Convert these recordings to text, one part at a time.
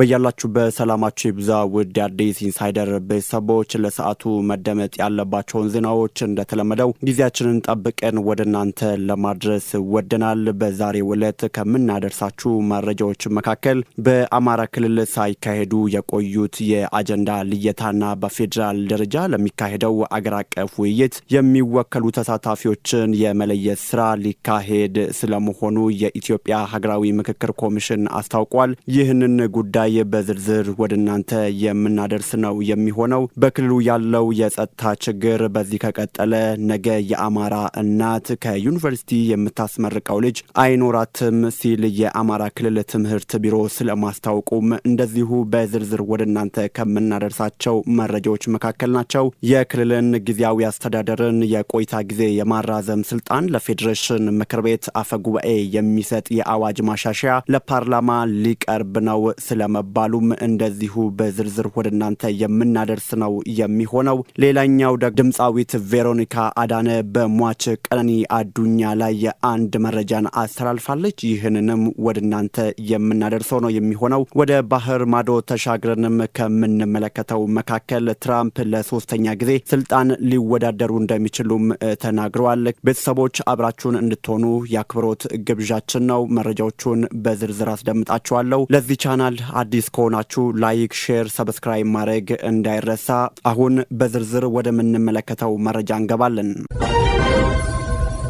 በያላችሁበት ሰላማችሁ ይብዛ። ውድ አዲስ ኢንሳይደር ቤተሰቦች ለሰዓቱ መደመጥ ያለባቸውን ዜናዎች እንደተለመደው ጊዜያችንን ጠብቀን ወደ እናንተ ለማድረስ ወደናል። በዛሬ ዕለት ከምናደርሳችሁ መረጃዎች መካከል በአማራ ክልል ሳይካሄዱ የቆዩት የአጀንዳ ልየታና በፌዴራል ደረጃ ለሚካሄደው አገር አቀፍ ውይይት የሚወከሉ ተሳታፊዎችን የመለየት ስራ ሊካሄድ ስለመሆኑ የኢትዮጵያ ሀገራዊ ምክክር ኮሚሽን አስታውቋል። ይህንን ጉዳይ ጉዳይ በዝርዝር ወደ እናንተ የምናደርስ ነው የሚሆነው። በክልሉ ያለው የጸጥታ ችግር በዚህ ከቀጠለ ነገ የአማራ እናት ከዩኒቨርሲቲ የምታስመርቀው ልጅ አይኖራትም ሲል የአማራ ክልል ትምህርት ቢሮ ስለማስታወቁም እንደዚሁ በዝርዝር ወደ እናንተ ከምናደርሳቸው መረጃዎች መካከል ናቸው። የክልልን ጊዜያዊ አስተዳደርን የቆይታ ጊዜ የማራዘም ስልጣን ለፌዴሬሽን ምክር ቤት አፈጉባኤ የሚሰጥ የአዋጅ ማሻሻያ ለፓርላማ ሊቀርብ ነው ስለ መባሉም እንደዚሁ በዝርዝር ወደ እናንተ የምናደርስ ነው የሚሆነው። ሌላኛው ድምፃዊት ቬሮኒካ አዳነ በሟች ቀነኒ አዱኛ ላይ አንድ መረጃን አስተላልፋለች። ይህንንም ወደ እናንተ የምናደርሰው ነው የሚሆነው። ወደ ባህር ማዶ ተሻግረንም ከምንመለከተው መካከል ትራምፕ ለሶስተኛ ጊዜ ስልጣን ሊወዳደሩ እንደሚችሉም ተናግረዋል። ቤተሰቦች አብራችሁን እንድትሆኑ የአክብሮት ግብዣችን ነው። መረጃዎቹን በዝርዝር አስደምጣችኋለሁ። ለዚህ ቻናል አዲስ ከሆናችሁ ላይክ፣ ሼር፣ ሰብስክራይብ ማድረግ እንዳይረሳ። አሁን በዝርዝር ወደምንመለከተው መረጃ እንገባለን።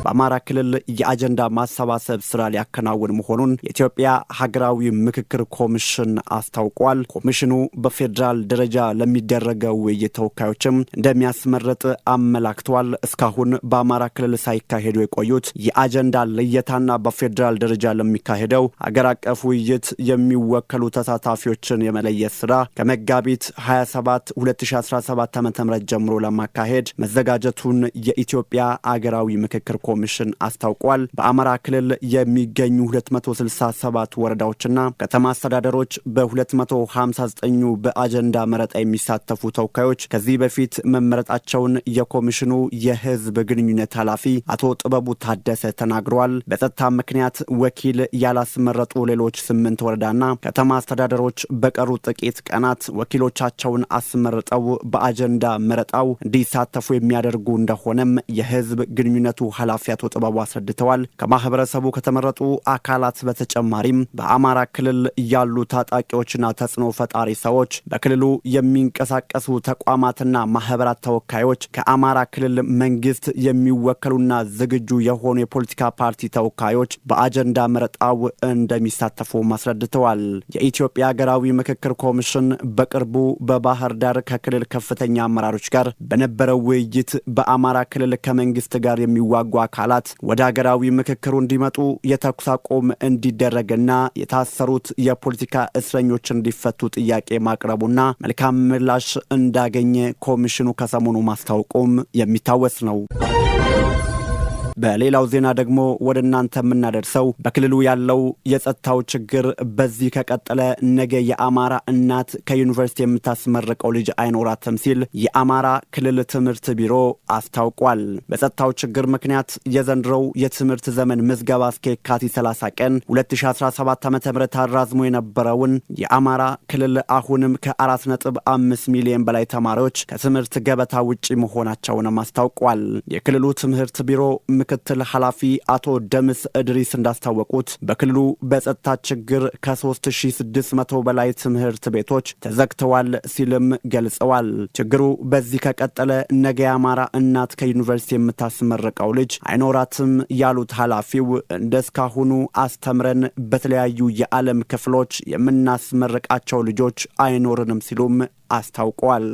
በአማራ ክልል የአጀንዳ ማሰባሰብ ስራ ሊያከናውን መሆኑን የኢትዮጵያ ሀገራዊ ምክክር ኮሚሽን አስታውቋል። ኮሚሽኑ በፌዴራል ደረጃ ለሚደረገው ውይይት ተወካዮችም እንደሚያስመረጥ አመላክቷል። እስካሁን በአማራ ክልል ሳይካሄዱ የቆዩት የአጀንዳ ልየታና በፌዴራል ደረጃ ለሚካሄደው አገር አቀፍ ውይይት የሚወከሉ ተሳታፊዎችን የመለየት ስራ ከመጋቢት 27 2017 ዓ ም ጀምሮ ለማካሄድ መዘጋጀቱን የኢትዮጵያ አገራዊ ምክክር ኮሚሽን አስታውቋል። በአማራ ክልል የሚገኙ 267 ወረዳዎችና ከተማ አስተዳደሮች በ259 በአጀንዳ መረጣ የሚሳተፉ ተወካዮች ከዚህ በፊት መመረጣቸውን የኮሚሽኑ የህዝብ ግንኙነት ኃላፊ አቶ ጥበቡ ታደሰ ተናግረዋል። በጸጥታ ምክንያት ወኪል ያላስመረጡ ሌሎች ስምንት ወረዳና ከተማ አስተዳደሮች በቀሩ ጥቂት ቀናት ወኪሎቻቸውን አስመርጠው በአጀንዳ መረጣው እንዲሳተፉ የሚያደርጉ እንደሆነም የህዝብ ግንኙነቱ ኃላፊ ኃላፊ አቶ ጥበቡ አስረድተዋል። ከማህበረሰቡ ከተመረጡ አካላት በተጨማሪም በአማራ ክልል ያሉ ታጣቂዎችና ተጽዕኖ ፈጣሪ ሰዎች፣ በክልሉ የሚንቀሳቀሱ ተቋማትና ማህበራት ተወካዮች፣ ከአማራ ክልል መንግስት የሚወከሉና ዝግጁ የሆኑ የፖለቲካ ፓርቲ ተወካዮች በአጀንዳ መረጣው እንደሚሳተፉም አስረድተዋል። የኢትዮጵያ ሀገራዊ ምክክር ኮሚሽን በቅርቡ በባህር ዳር ከክልል ከፍተኛ አመራሮች ጋር በነበረው ውይይት በአማራ ክልል ከመንግስት ጋር የሚዋጉ አካላት ወደ ሀገራዊ ምክክሩ እንዲመጡ የተኩስ አቁም እንዲደረግና የታሰሩት የፖለቲካ እስረኞች እንዲፈቱ ጥያቄ ማቅረቡና መልካም ምላሽ እንዳገኘ ኮሚሽኑ ከሰሞኑ ማስታወቁም የሚታወስ ነው። በሌላው ዜና ደግሞ ወደ እናንተ የምናደርሰው በክልሉ ያለው የጸጥታው ችግር በዚህ ከቀጠለ ነገ የአማራ እናት ከዩኒቨርሲቲ የምታስመርቀው ልጅ አይኖራትም ሲል የአማራ ክልል ትምህርት ቢሮ አስታውቋል። በጸጥታው ችግር ምክንያት የዘንድሮው የትምህርት ዘመን ምዝገባ እስከ የካቲት 30 ቀን 2017 ዓ ም አራዝሞ የነበረውን የአማራ ክልል አሁንም ከ4.5 ሚሊዮን በላይ ተማሪዎች ከትምህርት ገበታ ውጪ መሆናቸውንም አስታውቋል። የክልሉ ትምህርት ቢሮ ምክትል ኃላፊ አቶ ደምስ እድሪስ እንዳስታወቁት በክልሉ በጸጥታ ችግር ከ3600 በላይ ትምህርት ቤቶች ተዘግተዋል ሲልም ገልጸዋል። ችግሩ በዚህ ከቀጠለ ነገ የአማራ እናት ከዩኒቨርሲቲ የምታስመርቀው ልጅ አይኖራትም ያሉት ኃላፊው እንደ እስካሁኑ አስተምረን በተለያዩ የዓለም ክፍሎች የምናስመርቃቸው ልጆች አይኖርንም ሲሉም አስታውቀዋል።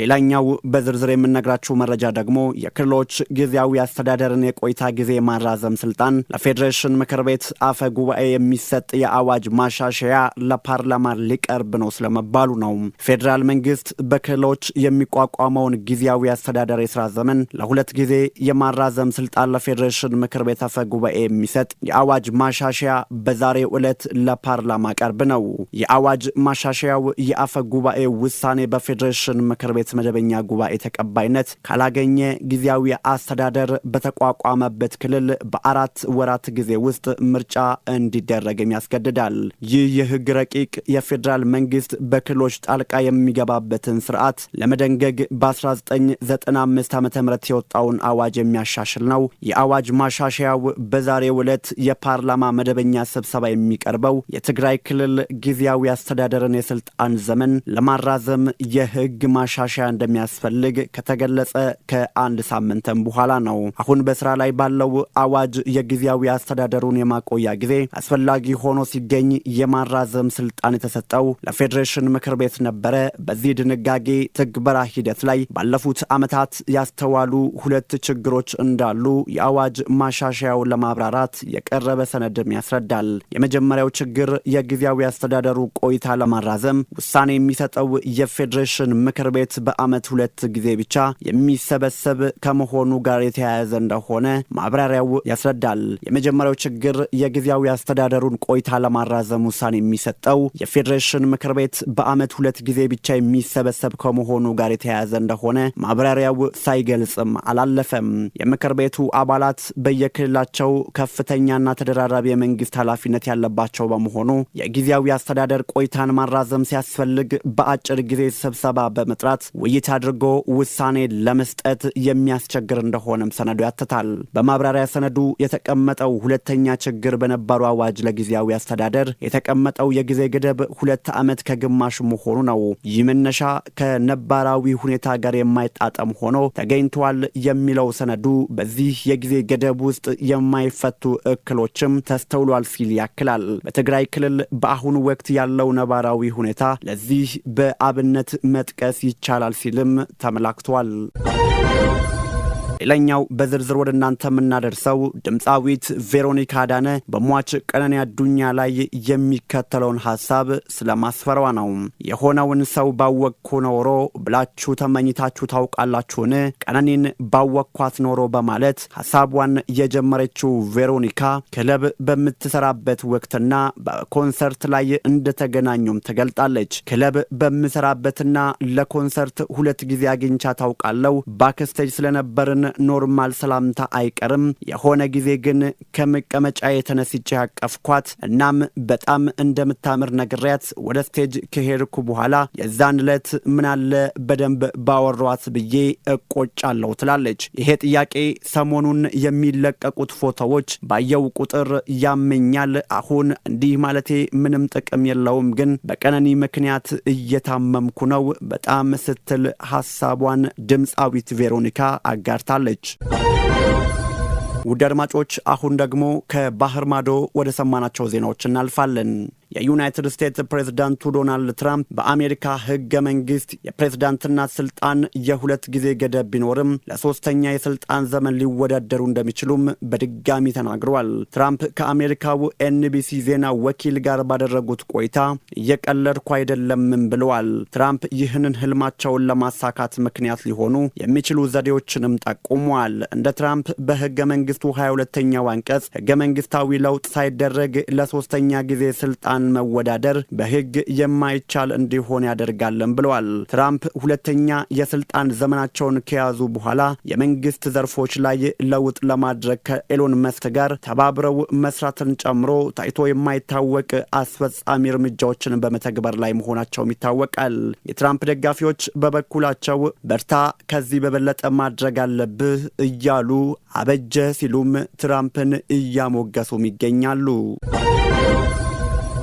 ሌላኛው በዝርዝር የምነግራችሁ መረጃ ደግሞ የክልሎች ጊዜያዊ አስተዳደርን የቆይታ ጊዜ ማራዘም ስልጣን ለፌዴሬሽን ምክር ቤት አፈ ጉባኤ የሚሰጥ የአዋጅ ማሻሻያ ለፓርላማ ሊቀርብ ነው ስለመባሉ ነው። ፌዴራል መንግስት በክልሎች የሚቋቋመውን ጊዜያዊ አስተዳደር የስራ ዘመን ለሁለት ጊዜ የማራዘም ስልጣን ለፌዴሬሽን ምክር ቤት አፈ ጉባኤ የሚሰጥ የአዋጅ ማሻሻያ በዛሬው ዕለት ለፓርላማ ቀርብ ነው። የአዋጅ ማሻሻያው የአፈ ጉባኤ ውሳኔ በፌዴሬሽን ምክር ቤት ቤት መደበኛ ጉባኤ ተቀባይነት ካላገኘ ጊዜያዊ አስተዳደር በተቋቋመበት ክልል በአራት ወራት ጊዜ ውስጥ ምርጫ እንዲደረግም ያስገድዳል። ይህ የህግ ረቂቅ የፌዴራል መንግስት በክልሎች ጣልቃ የሚገባበትን ስርዓት ለመደንገግ በ1995 ዓ ም የወጣውን አዋጅ የሚያሻሽል ነው። የአዋጅ ማሻሻያው በዛሬው ዕለት የፓርላማ መደበኛ ስብሰባ የሚቀርበው የትግራይ ክልል ጊዜያዊ አስተዳደርን የስልጣን ዘመን ለማራዘም የህግ ማሻሻ ማሻሻያ እንደሚያስፈልግ ከተገለጸ ከአንድ ሳምንትም በኋላ ነው። አሁን በስራ ላይ ባለው አዋጅ የጊዜያዊ አስተዳደሩን የማቆያ ጊዜ አስፈላጊ ሆኖ ሲገኝ የማራዘም ስልጣን የተሰጠው ለፌዴሬሽን ምክር ቤት ነበረ። በዚህ ድንጋጌ ትግበራ ሂደት ላይ ባለፉት ዓመታት ያስተዋሉ ሁለት ችግሮች እንዳሉ የአዋጅ ማሻሻያው ለማብራራት የቀረበ ሰነድም ያስረዳል። የመጀመሪያው ችግር የጊዜያዊ አስተዳደሩ ቆይታ ለማራዘም ውሳኔ የሚሰጠው የፌዴሬሽን ምክር ቤት በዓመት ሁለት ጊዜ ብቻ የሚሰበሰብ ከመሆኑ ጋር የተያያዘ እንደሆነ ማብራሪያው ያስረዳል። የመጀመሪያው ችግር የጊዜያዊ አስተዳደሩን ቆይታ ለማራዘም ውሳኔ የሚሰጠው የፌዴሬሽን ምክር ቤት በዓመት ሁለት ጊዜ ብቻ የሚሰበሰብ ከመሆኑ ጋር የተያያዘ እንደሆነ ማብራሪያው ሳይገልጽም አላለፈም። የምክር ቤቱ አባላት በየክልላቸው ከፍተኛና ተደራራቢ የመንግስት ኃላፊነት ያለባቸው በመሆኑ የጊዜያዊ አስተዳደር ቆይታን ማራዘም ሲያስፈልግ በአጭር ጊዜ ስብሰባ በመጥራት ውይይት አድርጎ ውሳኔ ለመስጠት የሚያስቸግር እንደሆነም ሰነዱ ያትታል። በማብራሪያ ሰነዱ የተቀመጠው ሁለተኛ ችግር በነባሩ አዋጅ ለጊዜያዊ አስተዳደር የተቀመጠው የጊዜ ገደብ ሁለት ዓመት ከግማሽ መሆኑ ነው። ይህ መነሻ ከነባራዊ ሁኔታ ጋር የማይጣጠም ሆኖ ተገኝቷል የሚለው ሰነዱ በዚህ የጊዜ ገደብ ውስጥ የማይፈቱ እክሎችም ተስተውሏል ሲል ያክላል። በትግራይ ክልል በአሁኑ ወቅት ያለው ነባራዊ ሁኔታ ለዚህ በአብነት መጥቀስ ይቻላል ይቻላል ሲልም ተመላክቷል። ሌላኛው በዝርዝር ወደ እናንተ የምናደርሰው ድምፃዊት ቬሮኒካ አዳነ በሟች ቀነኒ አዱኛ ላይ የሚከተለውን ሀሳብ ስለ ማስፈሯ ነው። የሆነውን ሰው ባወቅኩ ኖሮ ብላችሁ ተመኝታችሁ ታውቃላችሁን? ቀነኒን ባወቅኳት ኖሮ በማለት ሀሳቧን የጀመረችው ቬሮኒካ ክለብ በምትሰራበት ወቅትና በኮንሰርት ላይ እንደተገናኙም ትገልጣለች። ክለብ በምሰራበትና ለኮንሰርት ሁለት ጊዜ አግኝቻ ታውቃለው። ባክስቴጅ ስለነበርን ኖርማል ሰላምታ አይቀርም። የሆነ ጊዜ ግን ከመቀመጫ የተነስቼ ያቀፍኳት፣ እናም በጣም እንደምታምር ነግሬያት ወደ ስቴጅ ከሄድኩ በኋላ የዛን ዕለት ምናለ በደንብ ባወሯት ብዬ እቆጫለሁ ትላለች። ይሄ ጥያቄ ሰሞኑን የሚለቀቁት ፎቶዎች ባየው ቁጥር ያመኛል። አሁን እንዲህ ማለቴ ምንም ጥቅም የለውም፣ ግን በቀነኒ ምክንያት እየታመምኩ ነው በጣም ስትል ሀሳቧን ድምፃዊት ቬሮኒካ አጋርታ አብራርታለች። ውድ አድማጮች አሁን ደግሞ ከባህር ማዶ ወደ ሰማናቸው ዜናዎች እናልፋለን። የዩናይትድ ስቴትስ ፕሬዝዳንቱ ዶናልድ ትራምፕ በአሜሪካ ህገ መንግስት የፕሬዝዳንትና ስልጣን የሁለት ጊዜ ገደብ ቢኖርም ለሶስተኛ የስልጣን ዘመን ሊወዳደሩ እንደሚችሉም በድጋሚ ተናግረዋል። ትራምፕ ከአሜሪካው ኤንቢሲ ዜና ወኪል ጋር ባደረጉት ቆይታ እየቀለድኩ አይደለምም ብለዋል። ትራምፕ ይህንን ህልማቸውን ለማሳካት ምክንያት ሊሆኑ የሚችሉ ዘዴዎችንም ጠቁመዋል። እንደ ትራምፕ በህገ መንግስቱ 22ኛው አንቀጽ ህገ መንግስታዊ ለውጥ ሳይደረግ ለሶስተኛ ጊዜ ስልጣን በስልጣን መወዳደር በሕግ የማይቻል እንዲሆን ያደርጋለን ብለዋል። ትራምፕ ሁለተኛ የስልጣን ዘመናቸውን ከያዙ በኋላ የመንግስት ዘርፎች ላይ ለውጥ ለማድረግ ከኤሎን መስክ ጋር ተባብረው መስራትን ጨምሮ ታይቶ የማይታወቅ አስፈጻሚ እርምጃዎችን በመተግበር ላይ መሆናቸውም ይታወቃል። የትራምፕ ደጋፊዎች በበኩላቸው በርታ፣ ከዚህ በበለጠ ማድረግ አለብህ እያሉ አበጀ ሲሉም ትራምፕን እያሞገሱም ይገኛሉ።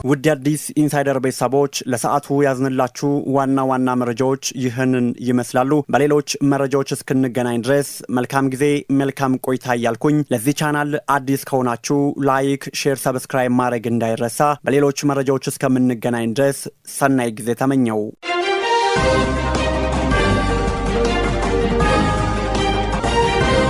ውድ አዲስ ኢንሳይደር ቤተሰቦች ለሰዓቱ ያዝንላችሁ ዋና ዋና መረጃዎች ይህንን ይመስላሉ። በሌሎች መረጃዎች እስክንገናኝ ድረስ መልካም ጊዜ፣ መልካም ቆይታ እያልኩኝ ለዚህ ቻናል አዲስ ከሆናችሁ ላይክ፣ ሼር፣ ሰብስክራይብ ማድረግ እንዳይረሳ። በሌሎች መረጃዎች እስከምንገናኝ ድረስ ሰናይ ጊዜ ተመኘው።